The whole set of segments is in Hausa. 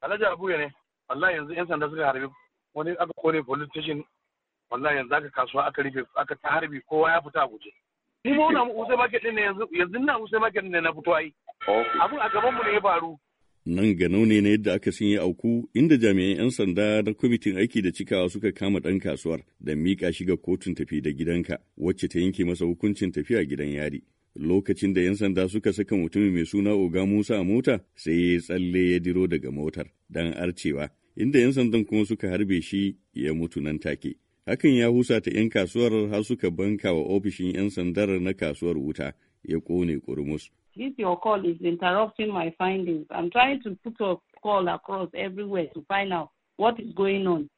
alhaji Abuja ne wallahi yanzu yan sanda suka harbi wani aka kone police station wallahi yanzu aka kasuwa aka rufe aka ta harbi kowa ya fita a guje ni ma wannan usai market ne yanzu yanzu na usai market ne na fito ai abun a gaban mu ne ya faru nan ga ne na yadda aka sanya yi auku inda jami'an 'yan sanda da kwamitin aiki da cikawa suka kama ɗan kasuwar da miƙa shi ga kotun tafi da gidanka wacce ta yanke masa hukuncin tafiya gidan yari lokacin da 'yan sanda suka saka mutumin mai suna Oga Musa a mota sai ya tsalle ya diro daga motar don arcewa, inda 'yan sandan kuma suka harbe shi ya mutu nan take. Hakan ya husa ta 'yan kasuwar har suka banka wa ofishin 'yan sandar na kasuwar wuta ya kone kurmus This your call is interrupting my findings. I'm trying to put a call across everywhere to find out what is going on.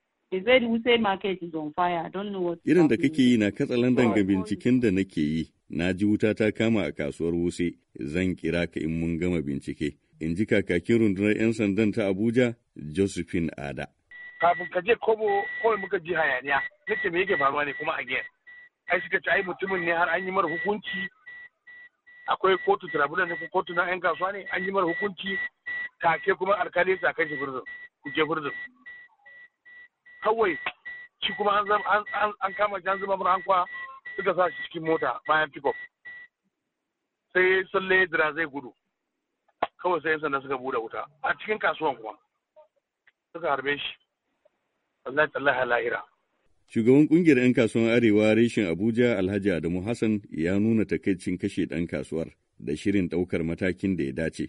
Irin da kake yi na katsalandan ga binciken da nake yi na ji wuta ta kama a kasuwar wuse zan kira ka in mun gama bincike in ji kakakin rundunar 'yan sandan ta abuja josephine ada kafin ka je kobo kawai muka ji hayaniya nace me yake faruwa ne kuma a gen ai suka ce ai mutumin ne har an yi mara hukunci akwai kotu tribunal ne ko kotu na 'yan kasuwa ne an yi mara hukunci take kuma alkali sa kai shi ku je kawai shi kuma an kama jan an zuba mura an suka sa shi cikin mota bayan pickup sai salle dira zai gudu kawai sai sanda suka buɗe wuta a cikin kasuwan kuma suka harbe shi wallahi tallahi lahira Shugaban kungiyar 'yan kasuwan Arewa reshen Abuja Alhaji Adamu Hassan ya nuna takaicin kashe ɗan kasuwar da shirin ɗaukar matakin da ya dace.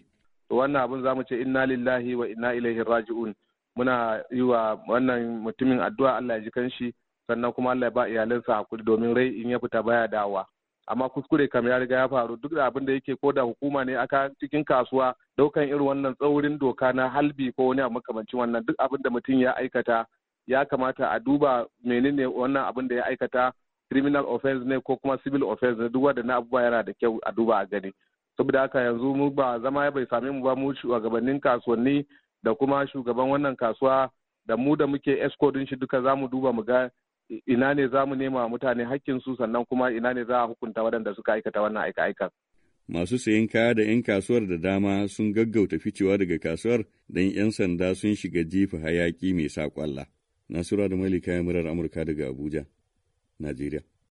Wannan abin za mu ce inna lillahi wa inna ilaihi raji'un muna yi wa wannan mutumin addu'a Allah ya ji kanshi sannan kuma Allah ya ba iyalansa hakuri domin rai in ya fita baya dawa amma kuskure kam ya riga ya faru duk da abin da yake ko da hukuma ne aka cikin kasuwa daukan irin wannan tsaurin doka na halbi ko wani abu makamancin wannan duk abin da mutum ya aikata ya kamata a duba menene wannan abin da ya aikata criminal offense ne ko kuma civil offense ne duk wanda na abubuwa yana da kyau a duba a gani saboda haka yanzu mu ba zama ya bai same mu ba mu shugabannin kasuwanni da kuma shugaban wannan kasuwa da mu da muke escort shi duka zamu duba mu ga ina ne za mu nema mutane su sannan kuma ina ne za a hukunta waɗanda suka aikata wannan aika-aikan. Masu sayan kaya da 'yan kasuwar da dama sun gaggauta ficewa daga kasuwar don 'yan sanda sun shiga jefa hayaki mai saƙwalla. Nasura da Malika ya murar Amurka daga Abuja, Najeriya.